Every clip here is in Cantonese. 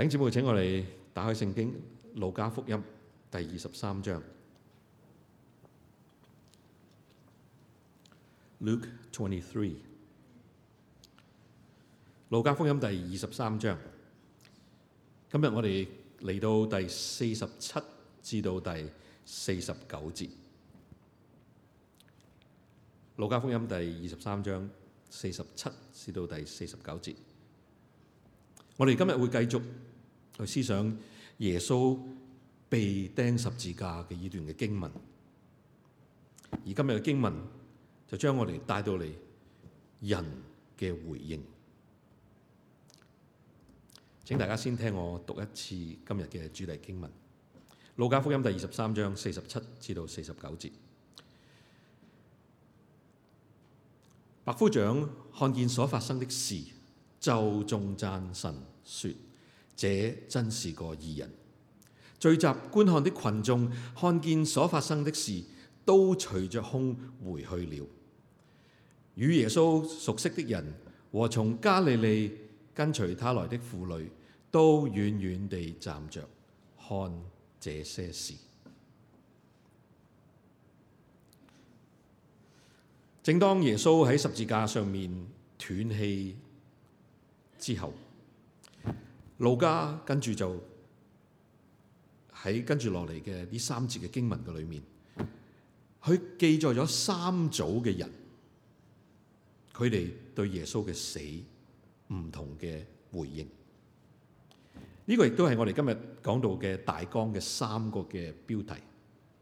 請姊妹請我哋打開聖經《路加福音》第二十三章 （Luke 23）。《路加福音》第二十三章，今日我哋嚟到第四十七至到第四十九節，《路加福音》第二十三章四十七至到第四十九節，我哋今日會繼續，去思想耶穌被釘十字架嘅依段嘅經文，而今日嘅經文就將我哋帶到嚟人嘅回應。請大家先聽我讀一次今日嘅主題經文《路加福音》第二十三章四十七至到四十九節。百夫長看見所發生的事，就頌讚神，說：這真是個義人。聚集觀看的群眾看見所發生的事，都捶着胸回去了。與耶穌熟悉的人和從加利利跟隨他來的婦女，都遠遠地站着看這些事。正當耶穌喺十字架上面斷氣之後。路加跟住就喺跟住落嚟嘅呢三節嘅經文嘅裏面，佢記載咗三組嘅人，佢哋對耶穌嘅死唔同嘅回應。呢個亦都係我哋今日講到嘅大綱嘅三個嘅標題。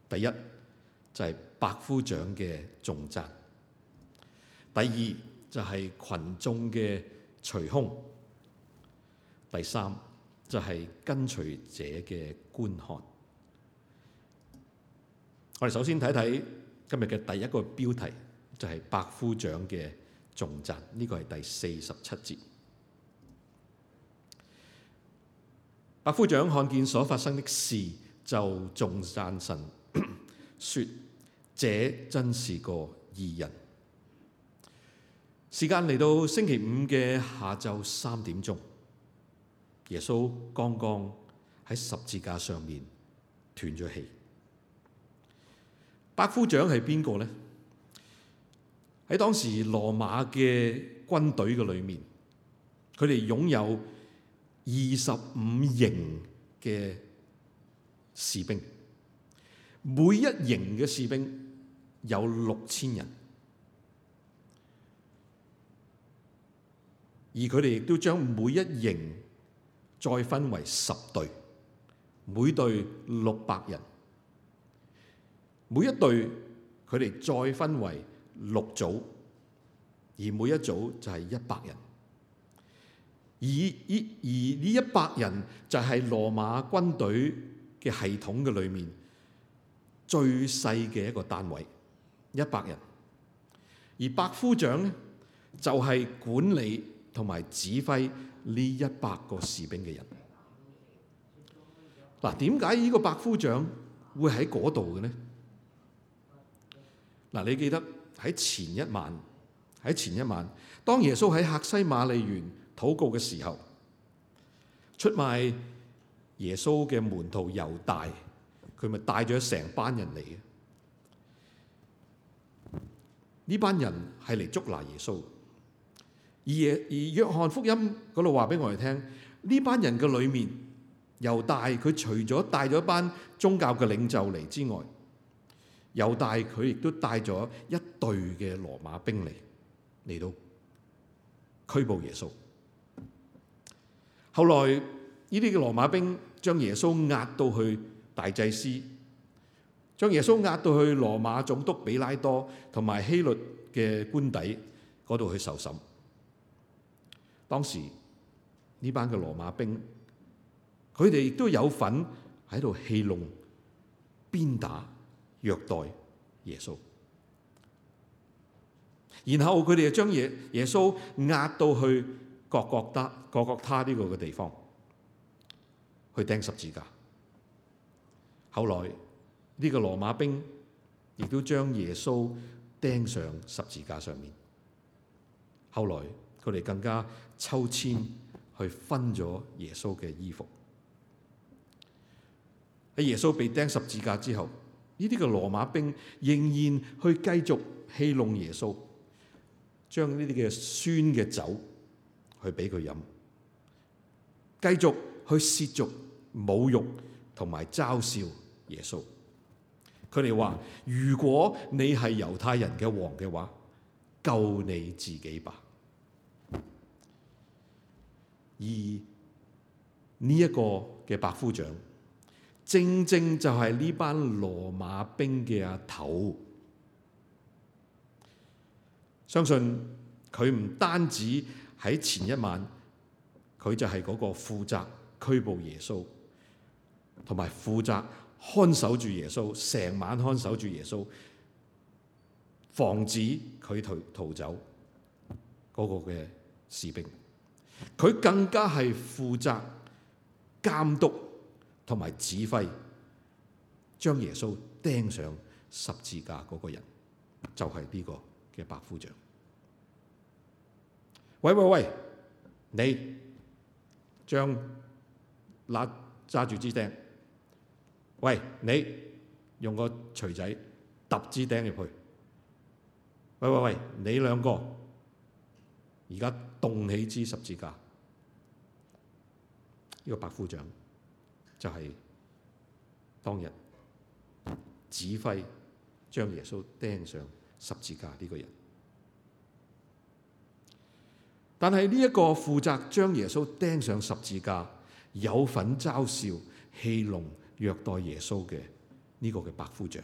第一就係百夫長嘅頌讚，第二就係群眾嘅捶胸。第三就係、是、跟隨者嘅觀看。我哋首先睇睇今日嘅第一個標題，就係、是、百夫長嘅重讚。呢、這個係第四十七節。百夫長看見所發生的事，就重讚神，說：這真是個義人。時間嚟到星期五嘅下晝三點鐘。耶穌剛剛喺十字架上面斷咗氣。百夫長係邊個呢？喺當時羅馬嘅軍隊裏面，佢哋擁有二十五營嘅士兵，每一營嘅士兵有六千人，而佢哋亦都將每一營再分為十隊，每隊六百人。每一隊佢哋再分為六組，而每一組就係一百人。而呢而呢一百人就係羅馬軍隊嘅系統嘅裏面最細嘅一個單位，一百人。而百夫長咧就係、是、管理同埋指揮。呢一百個士兵嘅人，嗱，點解呢個百夫長會喺嗰度嘅咧？嗱、啊、你記得喺前一晚，喺前一晚，當耶穌喺客西馬尼園禱告嘅時候，出賣耶穌嘅門徒猶大，佢咪帶咗成班人嚟嘅？呢班人係嚟捉拿耶穌。而而約翰福音嗰度話俾我哋聽，呢班人嘅裏面，猶大佢除咗帶咗一班宗教嘅領袖嚟之外，猶大佢亦都帶咗一隊嘅羅馬兵嚟嚟到拘捕耶穌。後來呢啲嘅羅馬兵將耶穌押到去大祭司，將耶穌押到去羅馬總督比拉多同埋希律嘅官邸嗰度去受審。當時呢班嘅羅馬兵，佢哋亦都有份喺度戲弄、鞭打、虐待耶穌。然後佢哋就將耶耶穌壓到去各各答、各各他呢個嘅地方去釘十字架。後來呢，這個羅馬兵亦都將耶穌釘上十字架上面。後來。佢哋更加抽籤去分咗耶穌嘅衣服，喺耶穌被釘十字架之後，呢啲嘅羅馬兵仍然去繼續戲弄耶穌，將呢啲嘅酸嘅酒去俾佢飲，繼續去涉足侮辱同埋嘲笑耶穌。佢哋話：如果你係猶太人嘅王嘅話，救你自己吧。而呢一個嘅百夫長，正正就係呢班羅馬兵嘅阿頭。相信佢唔單止喺前一晚，佢就係嗰個負責拘捕耶穌，同埋負責看守住耶穌，成晚看守住耶穌，防止佢逃逃走嗰、那個嘅士兵。佢更加係負責監督同埋指揮，將耶穌釘上十字架嗰個人，就係呢個嘅百夫長。喂喂喂，你將辣揸住支釘，喂，你用個錘仔揼支釘入去。喂喂喂，你兩個。而家動起支十字架，呢個百夫長就係當日指揮將耶穌釘上十字架呢個人。但係呢一個負責將耶穌釘上十字架、有份嘲笑、戲弄、虐待耶穌嘅呢個嘅百夫長，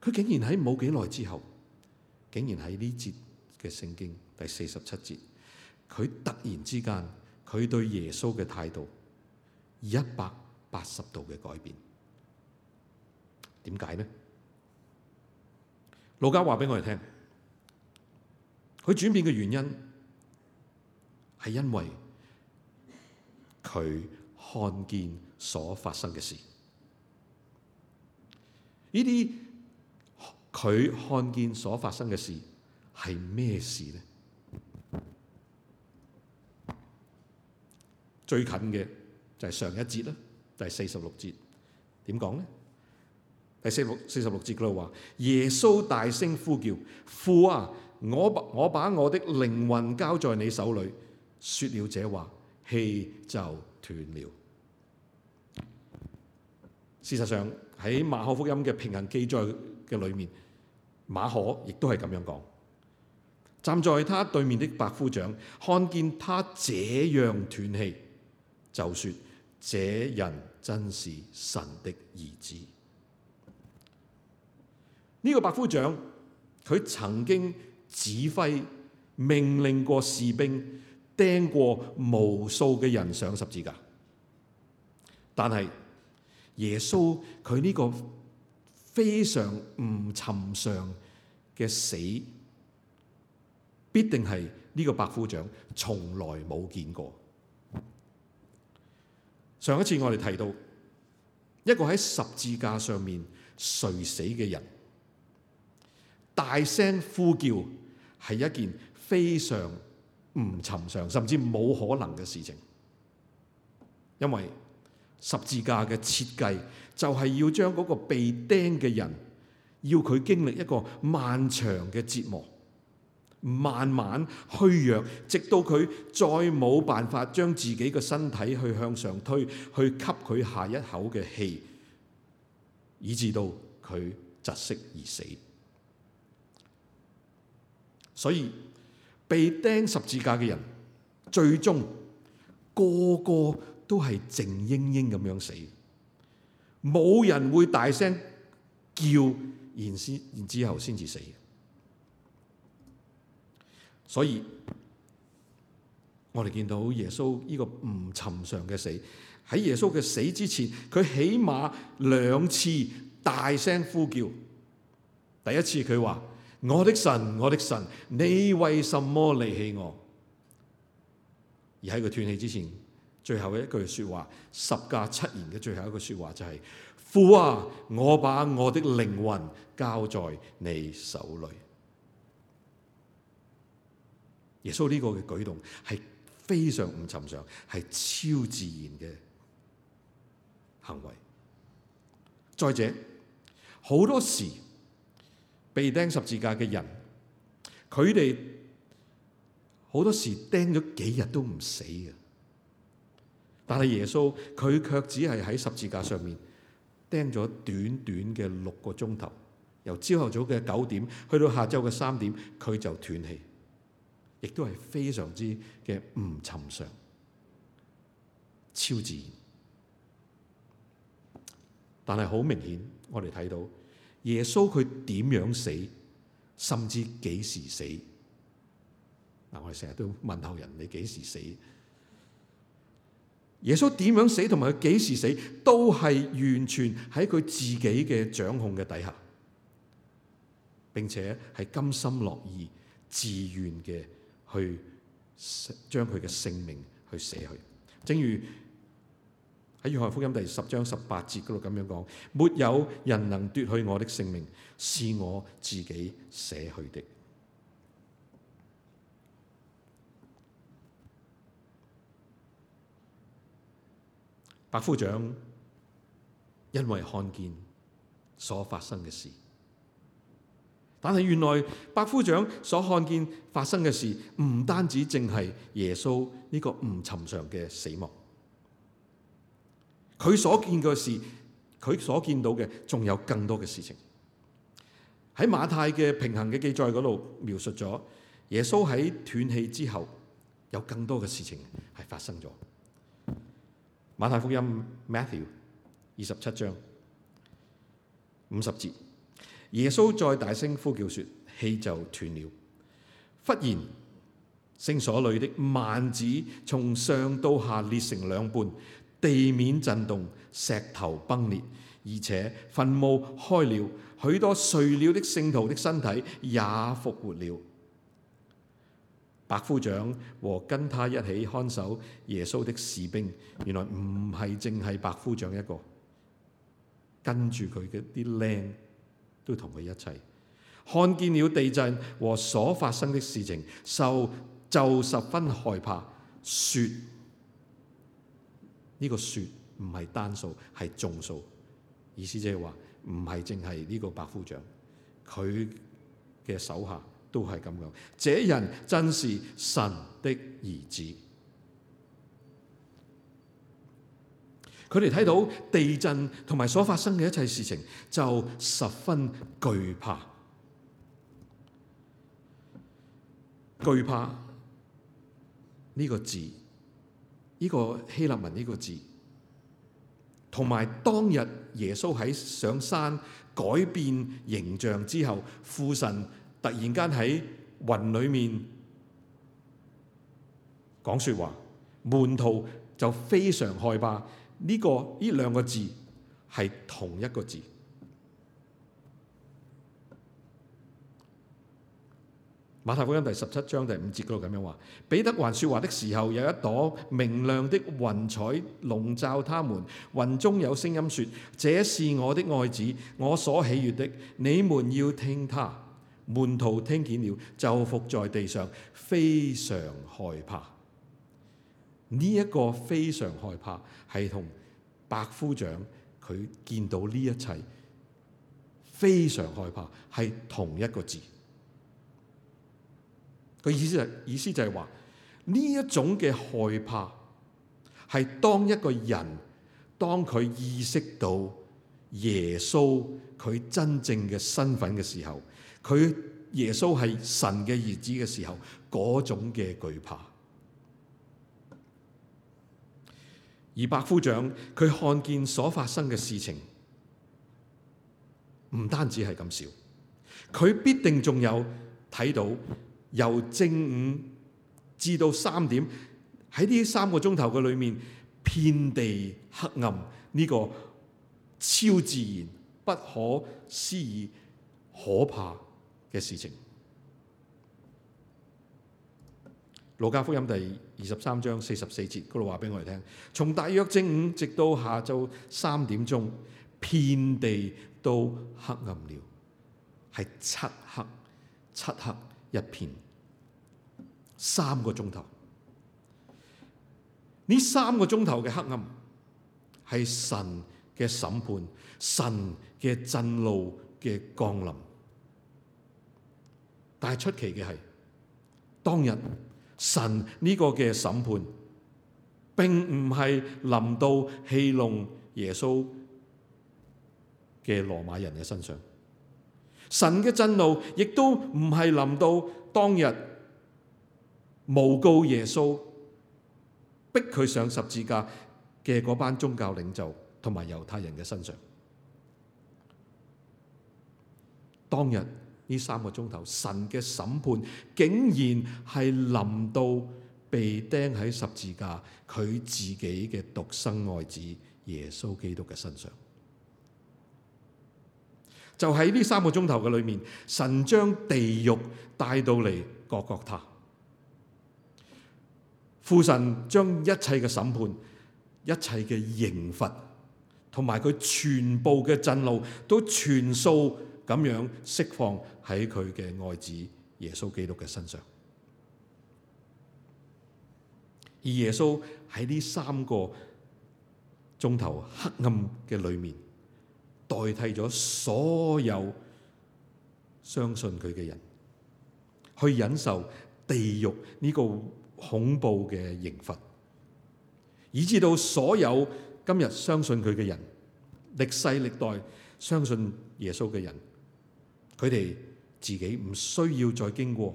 佢竟然喺冇幾耐之後，竟然喺呢節嘅聖經。第四十七節，佢突然之間，佢對耶穌嘅態度一百八十度嘅改變，點解呢？路加話俾我哋聽，佢轉變嘅原因係因為佢看見所發生嘅事，呢啲佢看見所發生嘅事係咩事呢？最近嘅就係上一節啦，第四十六節點講呢？第四六四十六節度話：耶穌大聲呼叫，父啊，我我把我的靈魂交在你手裏。説了這話，氣就斷了。事實上喺馬可福音嘅平行記載嘅裏面，馬可亦都係咁樣講。站在他對面的百夫長看見他這樣斷氣。就說這人真是神的兒子。呢、這個百夫長，佢曾經指揮、命令過士兵，釘過無數嘅人上十字架。但係耶穌佢呢個非常唔尋常嘅死，必定係呢個百夫長從來冇見過。上一次我哋提到，一個喺十字架上面垂死嘅人，大聲呼叫係一件非常唔尋常，甚至冇可能嘅事情，因為十字架嘅設計就係要將嗰個被釘嘅人，要佢經歷一個漫長嘅折磨。慢慢虛弱，直到佢再冇辦法將自己嘅身體去向上推，去吸佢下一口嘅氣，以致到佢窒息而死。所以被釘十字架嘅人，最終個個都係靜英英咁樣死，冇人會大聲叫，然先然之後先至死。所以，我哋見到耶穌呢個唔尋常嘅死，喺耶穌嘅死之前，佢起碼兩次大聲呼叫。第一次佢話：我的神，我的神，你為什麼離棄我？而喺佢斷氣之前，最後一句說話，十架七言嘅最後一句說話就係：父啊，我把我的靈魂交在你手裏。耶穌呢個嘅舉動係非常唔尋常，係超自然嘅行為。再者，好多時被釘十字架嘅人，佢哋好多時釘咗幾日都唔死嘅，但係耶穌佢卻只係喺十字架上面釘咗短短嘅六個鐘頭，由朝頭早嘅九點去到下晝嘅三點，佢就斷氣。亦都係非常之嘅唔尋常、超自然。但係好明顯，我哋睇到耶穌佢點樣死，甚至幾時死。嗱，我哋成日都問候人哋：你幾時死？耶穌點樣死，同埋佢幾時死，都係完全喺佢自己嘅掌控嘅底下，並且係甘心樂意、自願嘅。去將佢嘅性命去捨去，正如喺約翰福音第十章十八節嗰度咁樣講：沒有人能奪去我的性命，是我自己捨去的。百夫長因為看見所發生嘅事。但係原來百夫長所看見發生嘅事唔單止淨係耶穌呢個唔尋常嘅死亡，佢所見嘅事，佢所見到嘅仲有更多嘅事情。喺馬太嘅平行嘅記載嗰度描述咗耶穌喺斷氣之後有更多嘅事情係發生咗。馬太福音 Matthew 二十七章五十節。耶穌再大聲呼叫說，説：氣就斷了。忽然，聖所裏的幔子從上到下裂成兩半，地面震動，石頭崩裂，而且墳墓開了，許多睡了的聖徒的身體也復活了。百夫長和跟他一起看守耶穌的士兵，原來唔係淨係百夫長一個，跟住佢嘅啲僆。都同佢一齊，看見了地震和所發生的事情，就就十分害怕。說，呢個說唔係單數，係眾數，意思即係話唔係淨係呢個百夫長，佢嘅手下都係咁樣。這人真是神的兒子。佢哋睇到地震同埋所發生嘅一切事情，就十分懼怕。懼怕呢個字，呢個希臘文呢個字，同埋當日耶穌喺上山改變形象之後，父神突然間喺雲裏面講說話，門徒就非常害怕。呢、這個呢兩個字係同一個字。馬太福音第十七章第五節嗰度咁樣話：彼得還説話的時候，有一朵明亮的雲彩籠罩他們，雲中有聲音說：這是我的愛子，我所喜悅的，你們要聽他。門徒聽見了，就伏在地上，非常害怕。呢、這、一個非常害怕，係同百夫長佢見到呢一切非常害怕，係同一個字。佢意思就是、意思就係話，呢一種嘅害怕係當一個人當佢意識到耶穌佢真正嘅身份嘅時候，佢耶穌係神嘅兒子嘅時候，嗰種嘅懼怕。而百夫長佢看見所發生嘅事情，唔單止係咁少，佢必定仲有睇到由正午至到三點，喺呢三個鐘頭嘅裏面，遍地黑暗呢個超自然、不可思議、可怕嘅事情。《路加福音》第二十三章四十四節，嗰度話俾我哋聽：從大約正午直到下晝三點鐘，遍地都黑暗了，係漆黑漆黑一片三個鐘頭。呢三個鐘頭嘅黑暗係神嘅審判，神嘅震怒嘅降臨。但係出奇嘅係，當日。神呢個嘅審判，並唔係臨到戲弄耶穌嘅羅馬人嘅身上，神嘅震怒，亦都唔係臨到當日誣告耶穌、逼佢上十字架嘅嗰班宗教領袖同埋猶太人嘅身上，當日。呢三個鐘頭，神嘅審判竟然係臨到被釘喺十字架佢自己嘅獨生愛子耶穌基督嘅身上。就喺呢三個鐘頭嘅裏面，神將地獄帶到嚟各各他。父神將一切嘅審判、一切嘅刑罰同埋佢全部嘅震怒都全數。咁樣釋放喺佢嘅愛子耶穌基督嘅身上，而耶穌喺呢三個鐘頭黑暗嘅裏面，代替咗所有相信佢嘅人去忍受地獄呢個恐怖嘅刑罰，以至到所有今日相信佢嘅人，歷世歷代相信耶穌嘅人。佢哋自己唔需要再經過，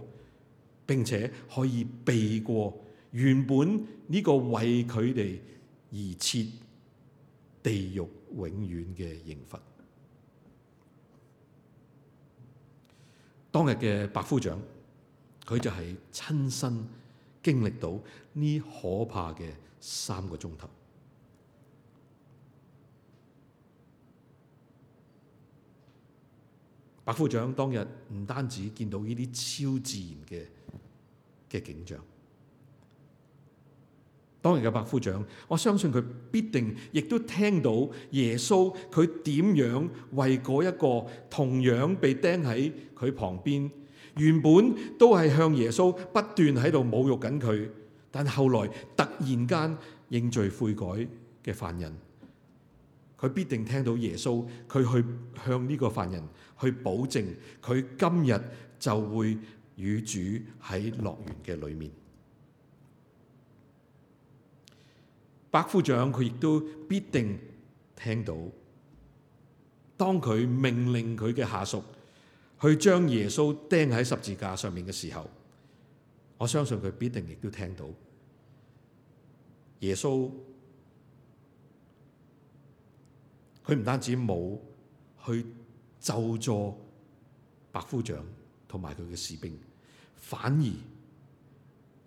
並且可以避過原本呢個為佢哋而設地獄永遠嘅刑罰。當日嘅百夫長，佢就係親身經歷到呢可怕嘅三個鐘頭。百夫長當日唔單止見到呢啲超自然嘅嘅景象，當日嘅百夫長，我相信佢必定亦都聽到耶穌佢點樣為嗰一個同樣被釘喺佢旁邊，原本都係向耶穌不斷喺度侮辱緊佢，但係後來突然間認罪悔改嘅犯人。佢必定聽到耶穌，佢去向呢個犯人去保證，佢今日就會與主喺樂園嘅裏面。百夫長佢亦都必定聽到，當佢命令佢嘅下屬去將耶穌釘喺十字架上面嘅時候，我相信佢必定亦都聽到耶穌。佢唔單止冇去咒詛百夫長同埋佢嘅士兵，反而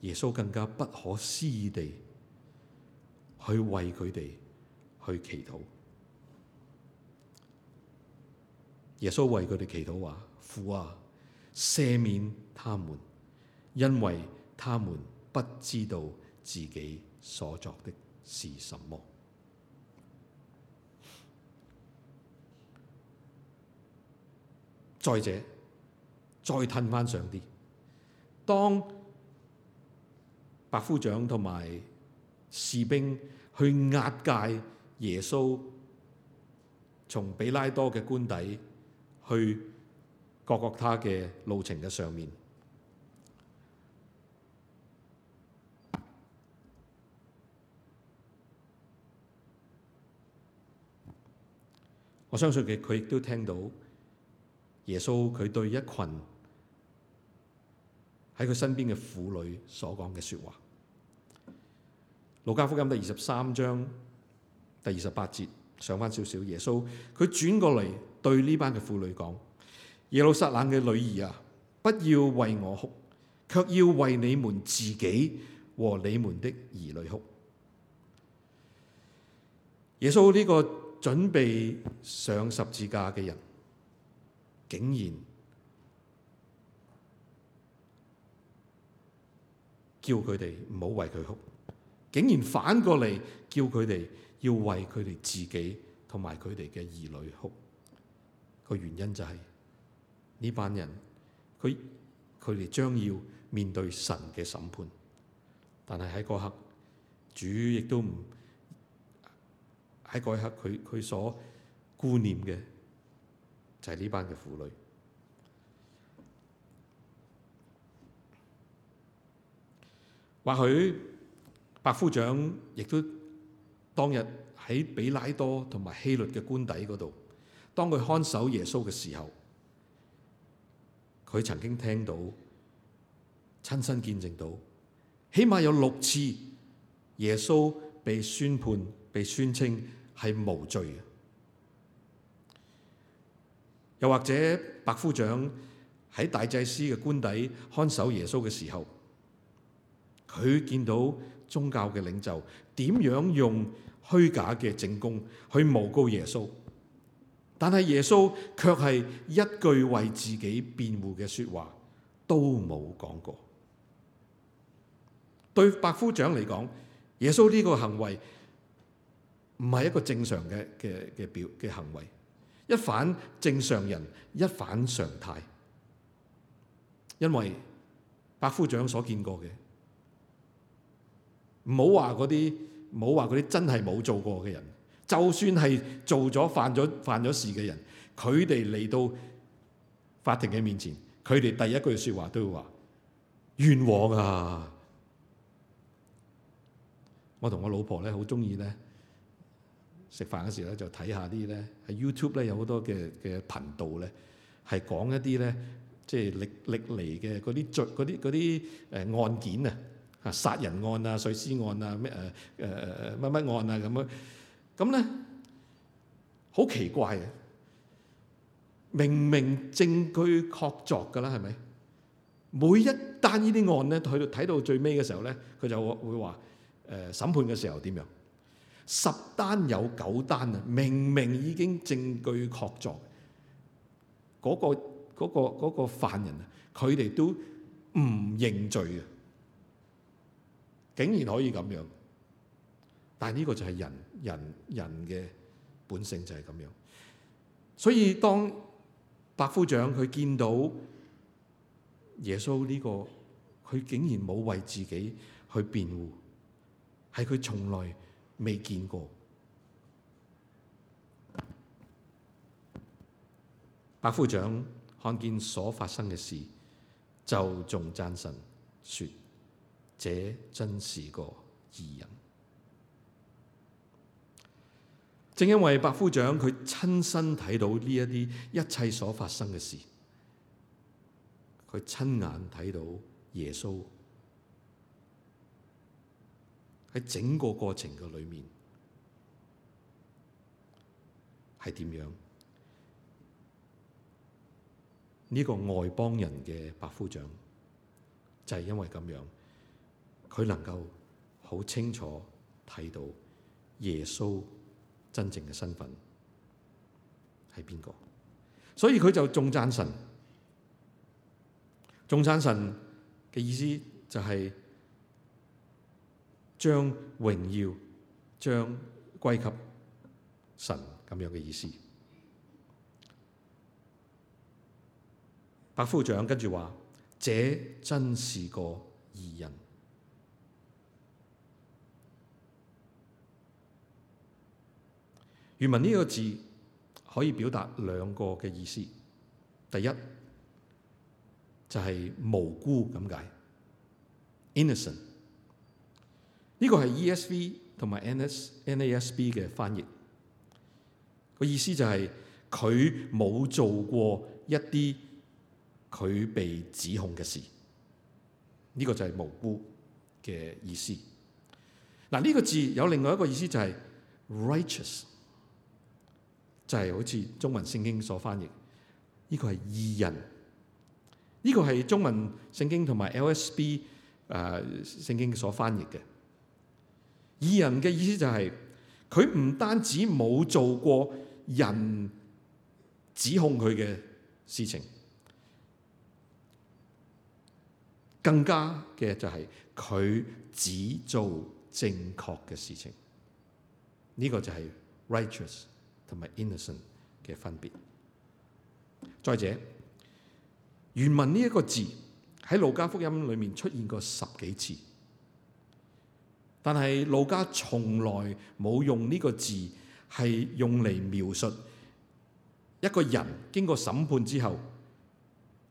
耶穌更加不可思議地去為佢哋去祈禱。耶穌為佢哋祈禱話：父啊，赦免他們，因為他們不知道自己所作的是什麼。再者，再褪翻上啲，當百夫長同埋士兵去押解耶穌從彼拉多嘅官邸去各各他嘅路程嘅上面，我相信佢佢亦都聽到。耶穌佢對一群喺佢身邊嘅婦女所講嘅說話，《路加福音》第二十三章第二十八節，上翻少少。耶穌佢轉過嚟對呢班嘅婦女講：耶路撒冷嘅女兒啊，不要為我哭，卻要為你們自己和你們的兒女哭。耶穌呢個準備上十字架嘅人。竟然叫佢哋唔好為佢哭，竟然反過嚟叫佢哋要為佢哋自己同埋佢哋嘅兒女哭。個原因就係、是、呢班人，佢佢哋將要面對神嘅審判。但係喺嗰刻，主亦都唔，喺嗰一刻，佢佢所顧念嘅。就係、是、呢班嘅婦女，或許百夫長亦都當日喺比拉多同埋希律嘅官邸嗰度，當佢看守耶穌嘅時候，佢曾經聽到親身見證到，起碼有六次耶穌被宣判、被宣稱係無罪嘅。又或者白夫長喺大祭司嘅官邸看守耶穌嘅時候，佢見到宗教嘅領袖點樣用虛假嘅證供去誣告耶穌，但係耶穌卻係一句為自己辯護嘅說話都冇講過。對白夫長嚟講，耶穌呢個行為唔係一個正常嘅嘅嘅表嘅行為。一反正常人，一反常態，因為百夫長所見過嘅，唔好話嗰啲，唔好話嗰啲真係冇做過嘅人，就算係做咗犯咗犯咗事嘅人，佢哋嚟到法庭嘅面前，佢哋第一句說話都會話冤枉啊！我同我老婆咧，好中意咧。食飯嘅時候咧，就睇下啲咧喺 YouTube 咧有好多嘅嘅頻道咧，係講一啲咧即係歷歷嚟嘅嗰啲罪啲啲誒案件啊嚇，殺人案啊、碎屍案啊、咩誒誒誒乜乜案啊咁樣，咁咧好奇怪啊！明明證據確鑿噶啦，係咪？每一單呢啲案咧，去到睇到最尾嘅時候咧，佢就會話誒、呃、審判嘅時候點樣？十單有九單啊！明明已經證據確鑿，嗰、那個嗰、那個那個、犯人啊，佢哋都唔認罪啊！竟然可以咁樣，但係呢個就係人人人嘅本性就係咁樣。所以當白夫長佢見到耶穌呢、這個，佢竟然冇為自己去辯護，係佢從來。未見過，百夫長看見所發生嘅事，就仲讚神，說：這真是個義人。正因為百夫長佢親身睇到呢一啲一切所發生嘅事，佢親眼睇到耶穌。喺整個過程嘅裏面係點樣？呢、這個外邦人嘅百夫長就係、是、因為咁樣，佢能夠好清楚睇到耶穌真正嘅身份係邊個，所以佢就仲讚神。仲讚神嘅意思就係、是。將榮耀將歸給神，咁樣嘅意思。百夫長跟住話：這真是個義人。原文呢個字可以表達兩個嘅意思。第一就係、是、無辜咁解，innocent。呢個係 ESV 同埋 NASNASB 嘅翻譯，個意思就係佢冇做過一啲佢被指控嘅事，呢個就係無辜嘅意思。嗱，呢個字有另外一個意思就係 righteous，就係好似中文聖經所翻譯，呢個係義人，呢個係中文聖經同埋 LSB 誒聖經所翻譯嘅。義人嘅意思就係、是，佢唔單止冇做過人指控佢嘅事情，更加嘅就係佢只做正確嘅事情。呢、這個就係 righteous 同埋 innocent 嘅分別。再者，原文呢一個字喺路加福音裏面出現過十幾次。但係，路加從來冇用呢個字係用嚟描述一個人經過審判之後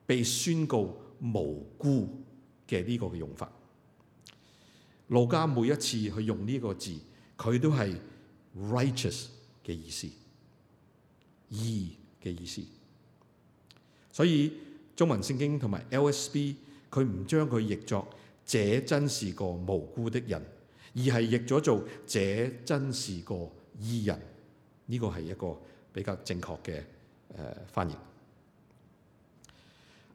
被宣告無辜嘅呢個嘅用法。路加每一次去用呢個字，佢都係 righteous 嘅意思，義嘅意思。所以中文聖經同埋 L.S.B. 佢唔將佢譯作：這真是個無辜的人。而係譯咗做，這真是個義人。呢、這個係一個比較正確嘅誒翻譯。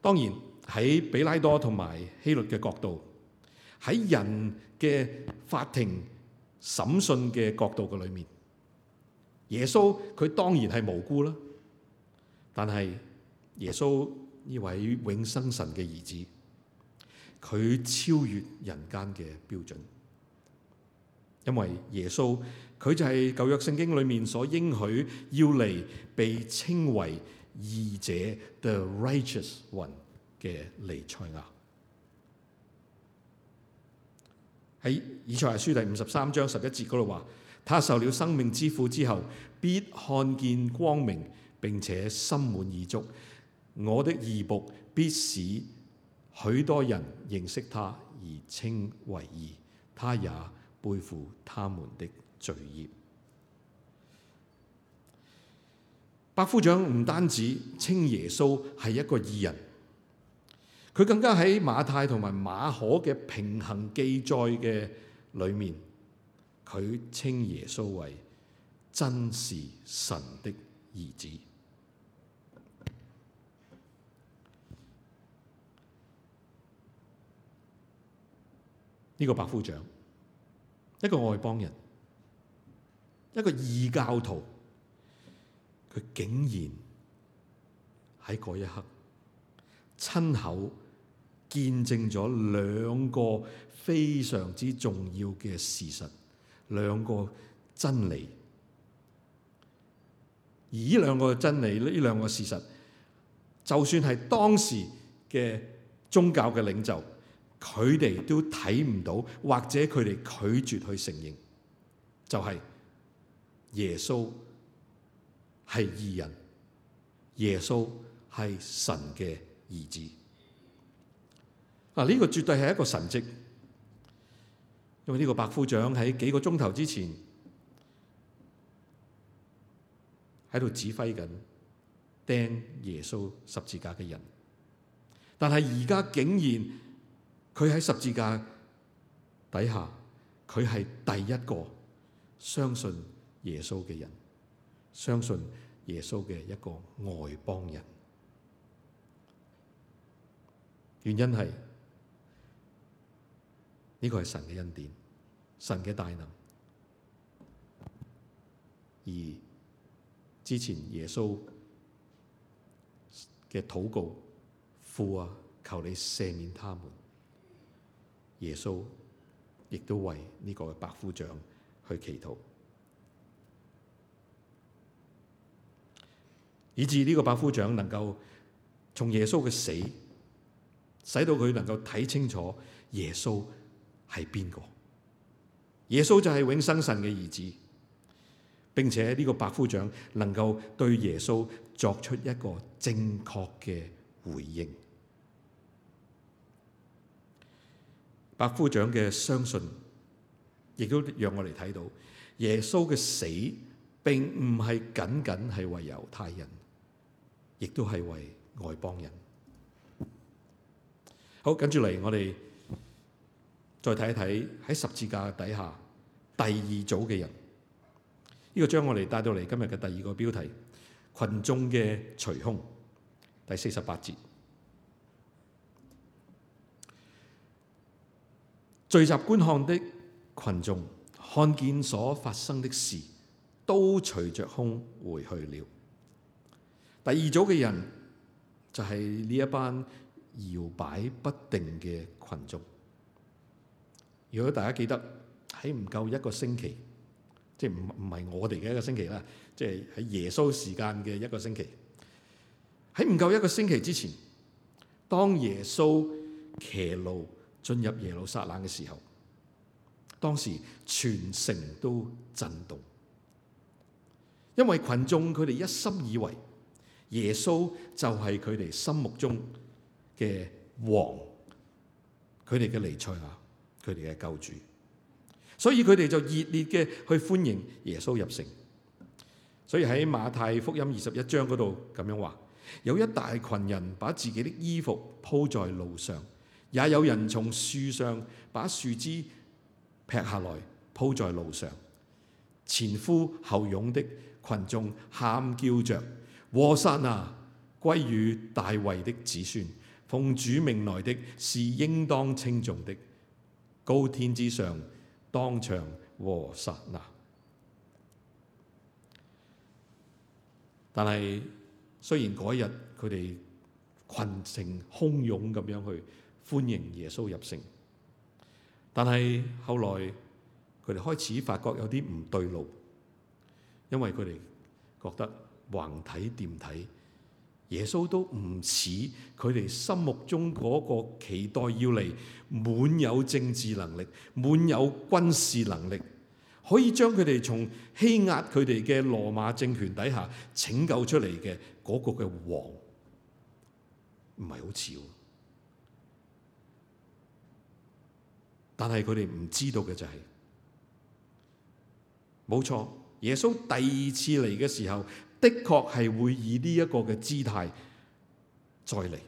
當然喺比拉多同埋希律嘅角度，喺人嘅法庭審訊嘅角度嘅裏面，耶穌佢當然係無辜啦。但係耶穌呢位永生神嘅兒子，佢超越人間嘅標準。因為耶穌佢就係舊約聖經裏面所應許要嚟被稱為義者 The Righteous One 嘅彌賽亞，喺以賽亞書第五十三章十一節嗰度話：他受了生命之苦之後，必看見光明，並且心滿意足。我的義僕必使許多人認識他而稱為義，他也。背負他們的罪孽，百夫長唔單止稱耶穌係一個義人，佢更加喺馬太同埋馬可嘅平衡記載嘅裏面，佢稱耶穌為真是神的兒子。呢、這個百夫長。一個外邦人，一個異教徒，佢竟然喺嗰一刻親口見證咗兩個非常之重要嘅事實，兩個真理。而呢兩個真理，呢兩個事實，就算係當時嘅宗教嘅領袖。佢哋都睇唔到，或者佢哋拒絕去承認，就係、是、耶穌係義人，耶穌係神嘅兒子。嗱、啊，呢、這個絕對係一個神跡，因為呢個百夫長喺幾個鐘頭之前喺度指揮緊釘耶穌十字架嘅人，但係而家竟然。佢喺十字架底下，佢係第一個相信耶穌嘅人，相信耶穌嘅一個外邦人。原因係呢個係神嘅恩典，神嘅大能。而之前耶穌嘅禱告，父啊，求你赦免他們。耶穌亦都為呢個百夫長去祈禱，以至呢個百夫長能夠從耶穌嘅死，使到佢能夠睇清楚耶穌係邊個。耶穌就係永生神嘅兒子，並且呢個百夫長能夠對耶穌作出一個正確嘅回應。百夫長嘅相信，亦都讓我哋睇到耶穌嘅死，並唔係僅僅係為猶太人，亦都係為外邦人。好，跟住嚟，我哋再睇一睇喺十字架底下第二組嘅人，呢、這個將我哋帶到嚟今日嘅第二個標題：群眾嘅捶胸。第四十八節。聚集觀看的群眾，看見所發生的事，都隨着空回去了。第二組嘅人就係呢一班搖擺不定嘅群眾。如果大家記得喺唔夠一個星期，即係唔唔係我哋嘅一個星期啦，即係喺耶穌時間嘅一個星期，喺唔夠一個星期之前，當耶穌騎驢進入耶路撒冷嘅時候，當時全城都震動，因為群眾佢哋一心以為耶穌就係佢哋心目中嘅王，佢哋嘅彌賽亞，佢哋嘅救主，所以佢哋就熱烈嘅去歡迎耶穌入城。所以喺馬太福音二十一章嗰度咁樣話，有一大群人把自己的衣服鋪在路上。也有人從樹上把樹枝劈下來鋪在路上，前呼後擁的群眾喊叫着：「和撒那歸於大衛的子孫，奉主命來的是應當稱頌的。高天之上，當場和撒那。但係雖然嗰日佢哋群情洶湧咁樣去歡迎耶穌入城，但係後來佢哋開始發覺有啲唔對路，因為佢哋覺得橫睇掂睇，耶穌都唔似佢哋心目中嗰個期待要嚟，滿有政治能力，滿有軍事能力，可以將佢哋從欺壓佢哋嘅羅馬政權底下拯救出嚟嘅嗰個嘅王，唔係好似喎。但係佢哋唔知道嘅就係，冇錯，耶穌第二次嚟嘅時候，的確係會以呢一個嘅姿態再嚟。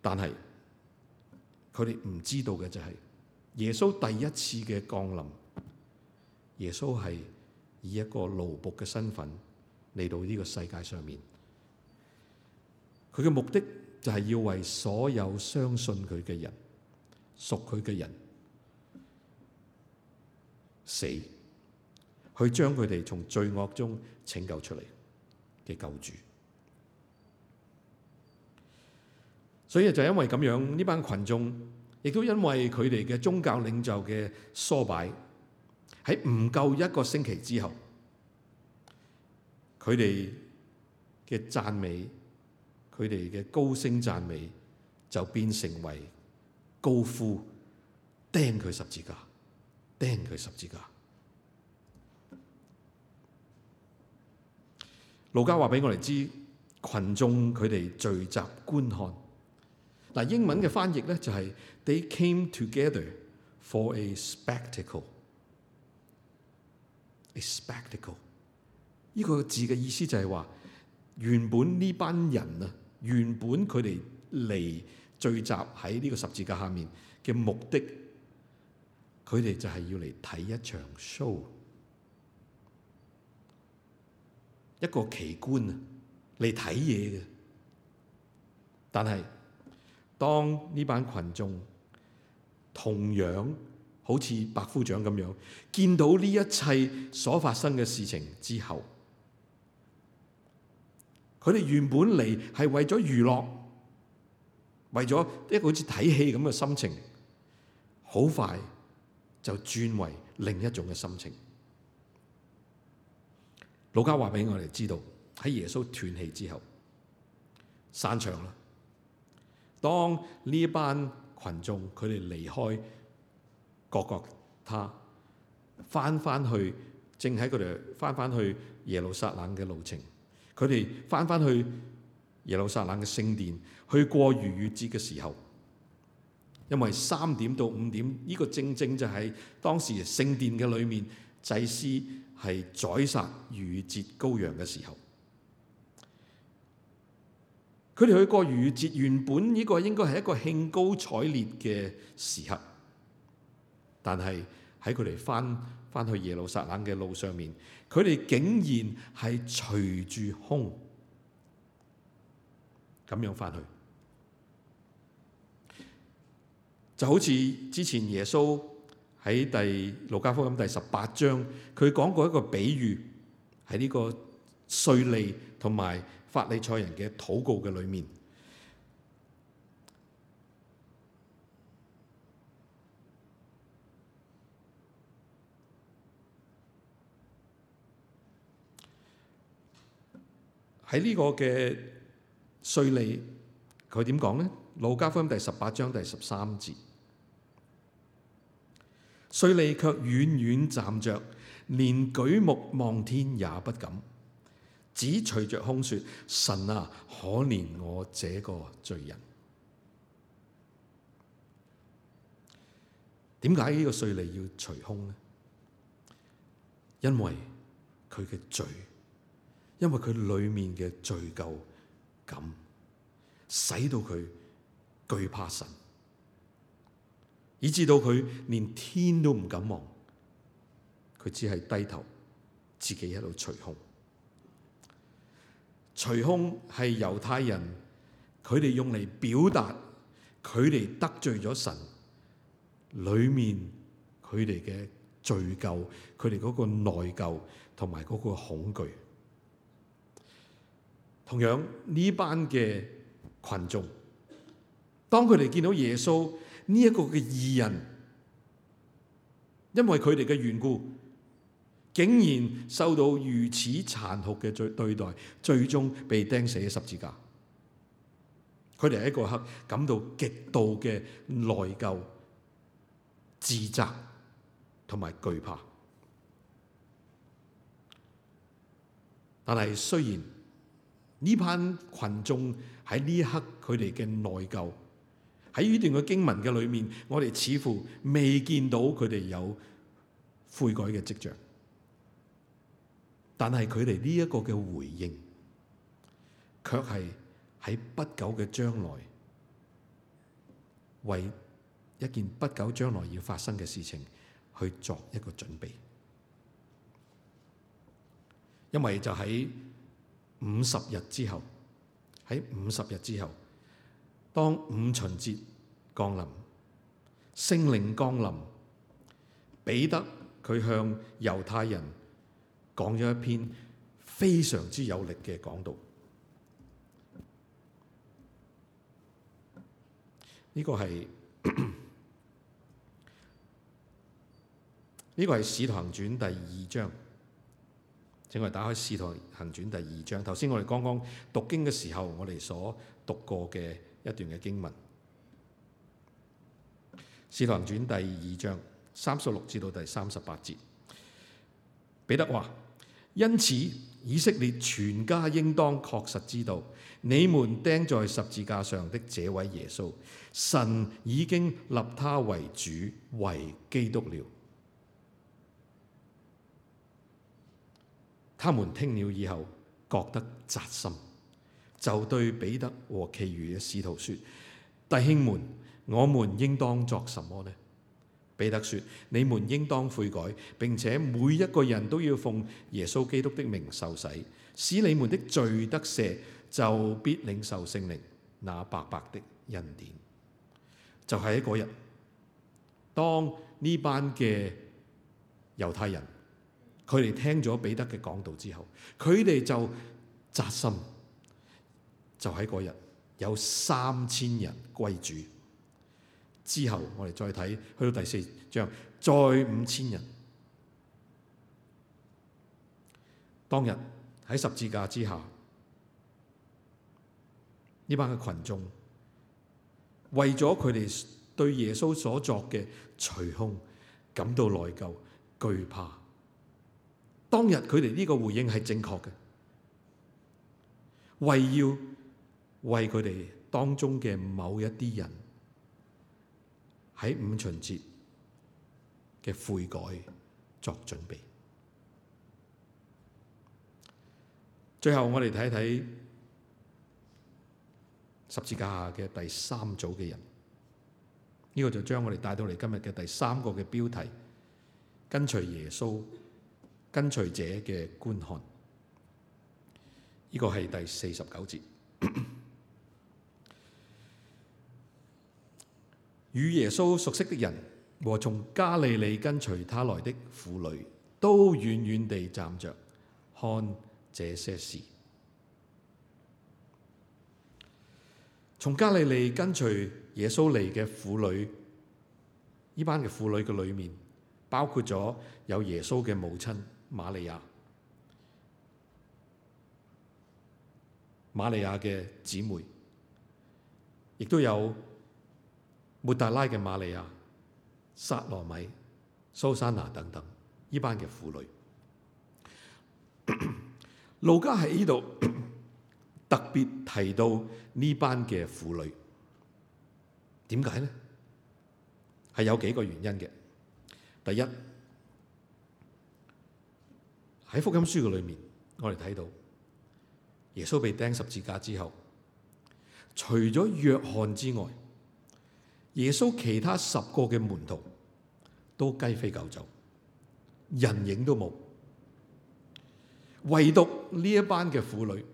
但係佢哋唔知道嘅就係，耶穌第一次嘅降臨，耶穌係以一個奴僕嘅身份嚟到呢個世界上面。佢嘅目的就係要為所有相信佢嘅人，屬佢嘅人，死，去將佢哋從罪惡中拯救出嚟嘅救主。所以就因為咁樣，呢班群眾亦都因為佢哋嘅宗教領袖嘅唆擺，喺唔夠一個星期之後，佢哋嘅讚美，佢哋嘅高聲讚美就變成為高呼釘佢十字架。釘佢十字架。路加話俾我哋知，群眾佢哋聚集觀看。嗱，英文嘅翻譯咧就係 They came together for a spectacle. A spectacle 呢個字嘅意思就係話，原本呢班人啊，原本佢哋嚟聚集喺呢個十字架下面嘅目的。佢哋就係要嚟睇一場 show，一個奇觀啊，嚟睇嘢嘅。但係當呢班羣眾同樣好似百夫長咁樣，見到呢一切所發生嘅事情之後，佢哋原本嚟係為咗娛樂，為咗一個好似睇戲咁嘅心情，好快，就轉為另一種嘅心情。路加話俾我哋知道，喺耶穌斷氣之後，散場啦。當呢一班群眾佢哋離開各各他，回回他翻翻去正喺佢哋翻翻去耶路撒冷嘅路程，佢哋翻翻去耶路撒冷嘅聖殿，去過逾越節嘅時候。因為三點到五點，呢個正正就係當時聖殿嘅裏面祭司係宰殺逾節羔羊嘅時候。佢哋去過逾節，原本呢個應該係一個興高采烈嘅時刻，但係喺佢哋返返去耶路撒冷嘅路上面，佢哋竟然係隨住空咁樣返去。就好似之前耶穌喺《第路加福音》第十八章，佢講過一個比喻，喺呢個稅吏同埋法利賽人嘅禱告嘅裏面。喺呢個嘅稅吏，佢點講咧？《路加福音》第十八章第十三節。稅吏卻遠遠站着，連舉目望天也不敢，只捶着胸說：神啊，可憐我這個罪人！點解呢個稅吏要捶胸呢？因為佢嘅罪，因為佢裏面嘅罪疚感，使到佢懼怕神。以至到佢連天都唔敢望，佢只係低頭自己喺度捶胸。捶胸係猶太人佢哋用嚟表達佢哋得罪咗神，裏面佢哋嘅罪疚、佢哋嗰個內疚同埋嗰個恐懼。同樣呢班嘅群眾，當佢哋見到耶穌。呢、這、一個嘅義人，因為佢哋嘅緣故，竟然受到如此殘酷嘅對待，最終被釘死喺十字架。佢哋喺嗰刻感到極度嘅內疚、自責同埋懼怕。但係雖然呢班群眾喺呢一刻佢哋嘅內疚。喺呢段嘅經文嘅裏面，我哋似乎未見到佢哋有悔改嘅跡象，但係佢哋呢一個嘅回應，卻係喺不久嘅將來，為一件不久將來要發生嘅事情去作一個準備，因為就喺五十日之後，喺五十日之後，當五旬節。降臨，聖靈降臨，彼得佢向猶太人講咗一篇非常之有力嘅講道。呢、呢個係呢、呢個係《使徒行傳》第二章，請我哋打開《使徒行傳》第二章。頭先我哋剛剛讀經嘅時候，我哋所讀過嘅一段嘅經文。《使徒行傳》第二章三十六至到第三十八節，彼得話：因此以色列全家應當確實知道，你們釘在十字架上的這位耶穌，神已經立他為主、為基督了。他們聽了以後，覺得扎心，就對彼得和其餘嘅使徒說：弟兄們。我們應當作什麼呢？彼得說：你們應當悔改，並且每一個人都要奉耶穌基督的名受洗，使你們的罪得赦，就必領受聖靈，那白白的恩典。就喺嗰日，當呢班嘅猶太人，佢哋聽咗彼得嘅講道之後，佢哋就紮心。就喺嗰日，有三千人歸主。之後我哋再睇，我哋再睇去到第四章，再五千人。當日喺十字架之下，呢班嘅群眾為咗佢哋對耶穌所作嘅除兇感到內疚、懼怕。當日佢哋呢個回應係正確嘅，為要為佢哋當中嘅某一啲人。喺五旬節嘅悔改作準備。最後我哋睇睇十字架下嘅第三組嘅人，呢個就將我哋帶到嚟今日嘅第三個嘅標題：跟隨耶穌跟隨者嘅觀看。呢個係第四十九節。與耶穌熟悉的人和從加利利跟隨他來的婦女，都遠遠地站着看這些事。從加利利跟隨耶穌嚟嘅婦女，呢班嘅婦女嘅裏面，包括咗有耶穌嘅母親瑪利亞，瑪利亞嘅姊妹，亦都有。抹大拉嘅瑪利亞、撒羅米、蘇珊娜等等呢班嘅婦女，咳咳，路加喺呢度特別提到呢班嘅婦女，點解咧？係有幾個原因嘅。第一，喺福音書嘅裏面，我哋睇到耶穌被釘十字架之後，除咗約翰之外。耶穌其他十個嘅門徒都雞飛狗走，人影都冇，唯獨呢一班嘅婦女，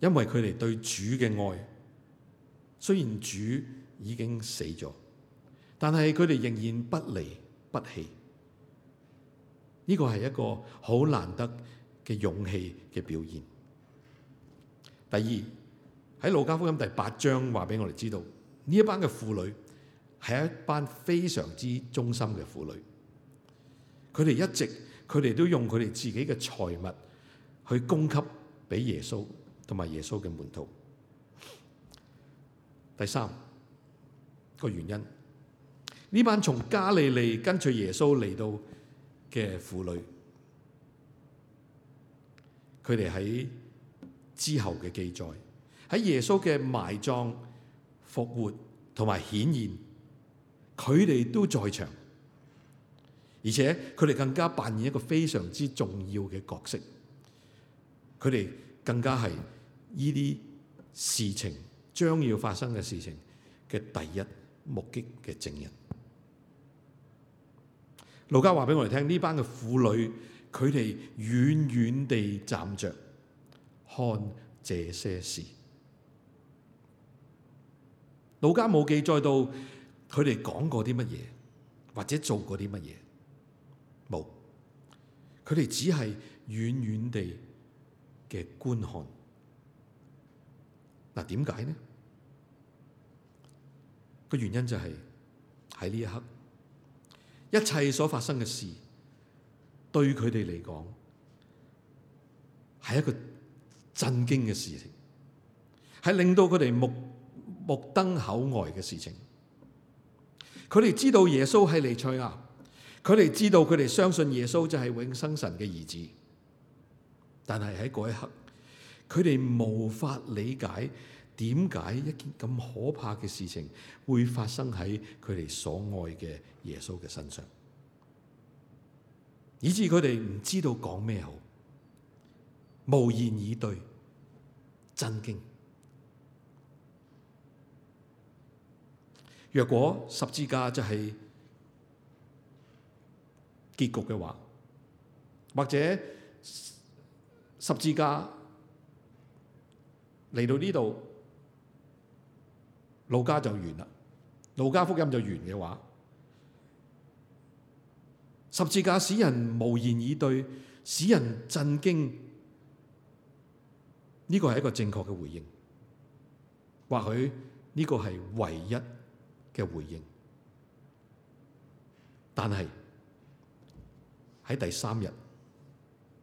因為佢哋對主嘅愛，雖然主已經死咗，但係佢哋仍然不離不棄。呢個係一個好難得嘅勇氣嘅表現。第二，喺《路加福音》第八章話俾我哋知道。呢一班嘅婦女係一班非常之忠心嘅婦女，佢哋一直佢哋都用佢哋自己嘅財物去供給俾耶穌同埋耶穌嘅門徒。第三個原因，呢班從加利利跟隨耶穌嚟到嘅婦女，佢哋喺之後嘅記載喺耶穌嘅埋葬。復活同埋顯現，佢哋都在場，而且佢哋更加扮演一個非常之重要嘅角色。佢哋更加係呢啲事情將要發生嘅事情嘅第一目擊嘅證人。路加話俾我哋聽，呢班嘅婦女，佢哋遠遠地站着，看這些事。路加冇記載到佢哋講過啲乜嘢，或者做過啲乜嘢，冇。佢哋只係遠遠地嘅觀看。嗱，點解呢？個原因就係喺呢一刻，一切所發生嘅事，對佢哋嚟講係一個震驚嘅事情，係令到佢哋目。目瞪口呆嘅事情，佢哋知道耶穌係彌賽亞，佢哋知道佢哋相信耶穌就係永生神嘅兒子，但係喺嗰一刻，佢哋無法理解點解一件咁可怕嘅事情會發生喺佢哋所愛嘅耶穌嘅身上，以至佢哋唔知道講咩好，無言以對，震驚。若果十字架就係結局嘅話，或者十字架嚟到呢度，路加就完啦，路加福音就完嘅話，十字架使人無言以對，使人震驚，呢個係一個正確嘅回應，或許呢個係唯一。嘅回應，但係喺第三日，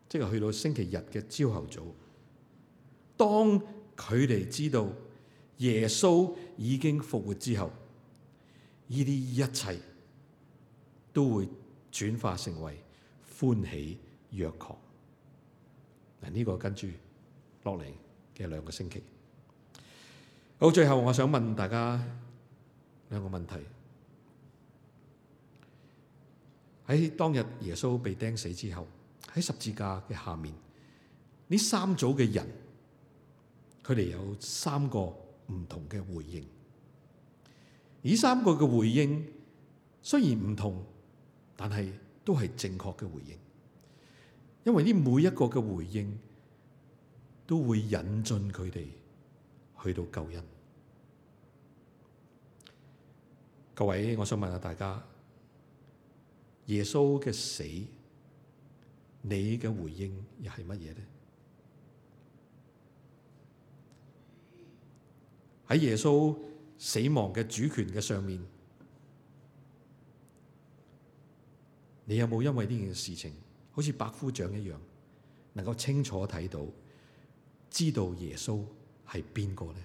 即係去到星期日嘅朝頭早，當佢哋知道耶穌已經復活之後，呢啲一切都會轉化成為歡喜若狂。嗱，呢個跟住落嚟嘅兩個星期，好，最後我想問大家。兩個問題。喺當日耶穌被釘死之後，喺十字架嘅下面，呢三組嘅人，佢哋有三個唔同嘅回應。呢三個嘅回應雖然唔同，但係都係正確嘅回應，因為呢每一個嘅回應都會引進佢哋去到救恩。各位，我想問下大家，耶穌嘅死，你嘅回應又係乜嘢呢？喺耶穌死亡嘅主權嘅上面，你有冇因為呢件事情，好似百夫長一樣，能夠清楚睇到，知道耶穌係邊個咧？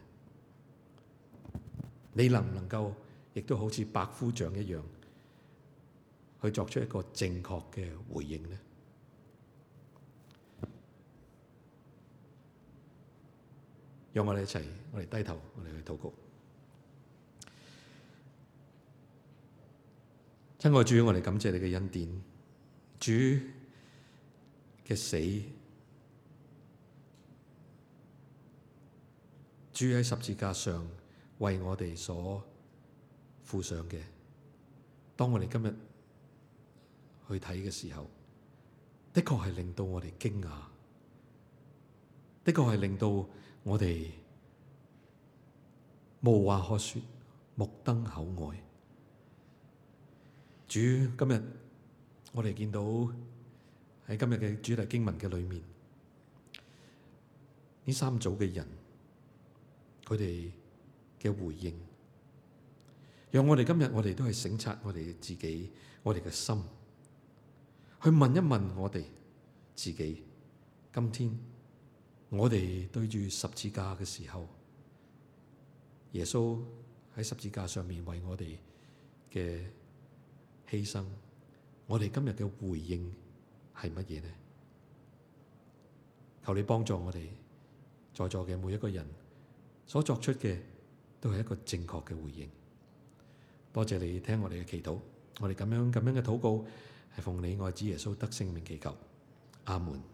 你能唔能夠？亦都好似百夫長一樣，去作出一個正確嘅回應呢。讓我哋一齊，我哋低頭，我哋去禱告。親愛主，我哋感謝你嘅恩典，主嘅死，主喺十字架上為我哋所。附上嘅，當我哋今日去睇嘅時候，的確係令到我哋驚訝，的確係令到我哋無話可說，目瞪口呆。主，今日我哋見到喺今日嘅主題經文嘅裏面，呢三組嘅人，佢哋嘅回應。讓我哋今日，我哋都係省察我哋自己，我哋嘅心去問一問我哋自己。今天我哋對住十字架嘅時候，耶穌喺十字架上面為我哋嘅犧牲，我哋今日嘅回應係乜嘢呢？求你幫助我哋在座嘅每一個人所作出嘅都係一個正確嘅回應。多謝你聽我哋嘅祈禱，我哋咁樣咁樣嘅禱告，係奉你愛子耶穌得勝名祈求，阿門。